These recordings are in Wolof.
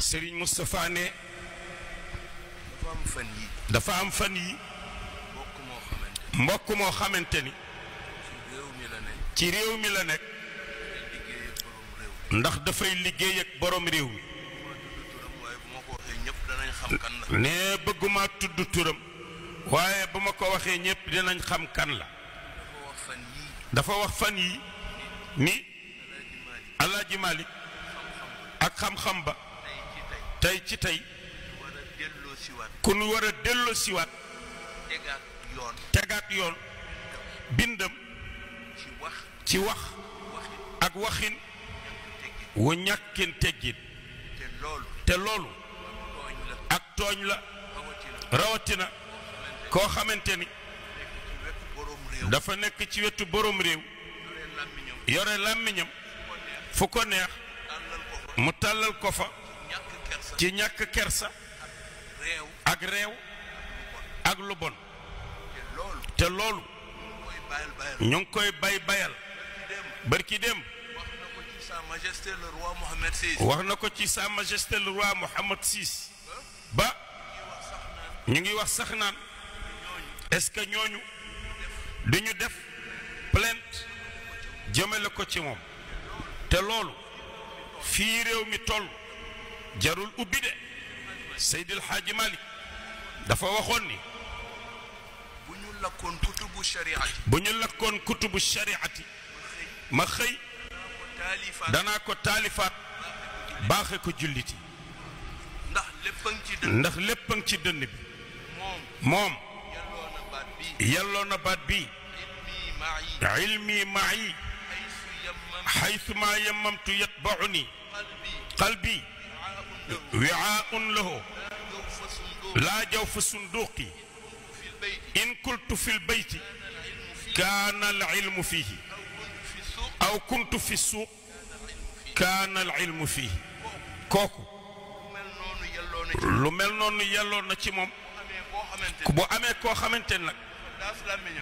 Serigne Moustapha ne. dafa am fan yi dafa mbokk moo xamante ni. ci réew mi la nekk. ndax dafay liggéey ak borom réew mi. ne bëgguma tudd turam. waaye bu ma ko waxee ñëpp dinañ xam kan la. dafa wax fan yi ni. Alaaji Malik ak xam-xam ba. tey ci tey ku nu war a delloo siwaat tegaat yoon bindam ci wax ak waxin wu ñàkkin teggin te loolu ak tooñ la rawatina koo xamante ni dafa nekk ci wetu boroom réew yore làmmiñam fu ko neex mu tàllal ko fa ci ñàkk kersa ak réew ak lu bon te loolu ñu ngi koy bay bayal bërki dem wax na ko ci sa majesté le roi Mohammed VI ba ñu ngi wax sax naan est-ce que ñooñu du ñu def plainte jëmale ko ci moom te loolu fii réew mi toll jarul ubbi de seydil xaaji malik dafa waxoon ni bu ñu lakkoon kutubu shariati bu ñu lakkoon kutubu shariati ma xëy danaa ko taalifaat baaxe ko julliti ndax lépp a ngi ci dënn bi moom yelloo na baat bi ilmi ma'i xaysu ma yamamtu yatbauni qalbi وعاء له لا جوف صندوقي إن كنت في البيت كان العلم فيه أو كنت في السوق كان العلم فيه كوكو lu mel noonu yelloon na ci moom bu amee koo xamante nag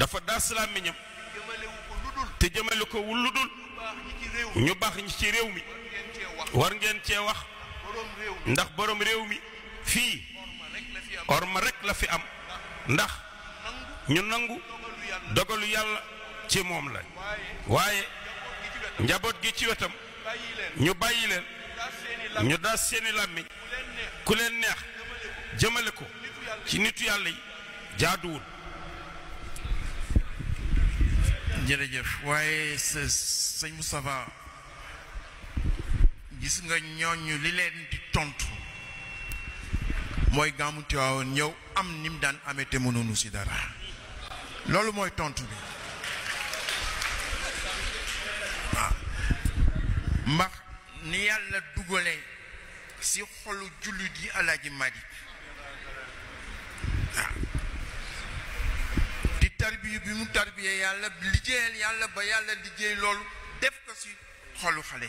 dafa daas làmmiñam te jëmale ko wul lu dul ñu baax ñi ci réew mi war ngeen cee wax ndax boroom réew mi fii orma rek la fi am ndax ñu nangu dogalu yàlla ci moom la waaye njaboot gi ci wetam ñu bàyyi leen ñu daas seeni làmmiñ ku leen neex jëmale ko ci nitu yàlla yi jaaduwul jërëjëf waaye sëñ Moustapha gis nga ñooñu li leen di tontu mooy gàmmu Tiwaawoon ñëw am ni mu daan amee te mënuñu si dara loolu mooy tontu bi ah. mbax ni yàlla dugale si xolu jullit yi Alaaji Malik ah. di tarbiyu bi mu tarbiyee yàlla liggéeyal yàlla ba yàlla liggéey loolu def ko ci xolu xale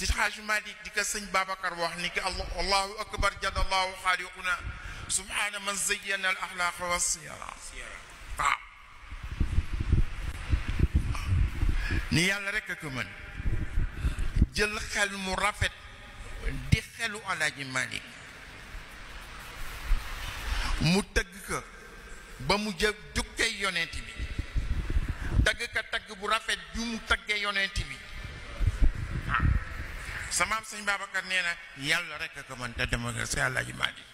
سيد حاج مالك ديك بابا بابكر وحنيك الله الله اكبر جد الله خالقنا سبحان من زين الاخلاق والسيرة نيال رك كمان جل خل مرافت دخلوا على جمالك متجك بمجب دكتي يونيتي بي تجك تجك برافت دوم تجك يونيتي samaam sëñ Babacar nee na yàlla rek a ko mën te dem ak si Alaaji Maalik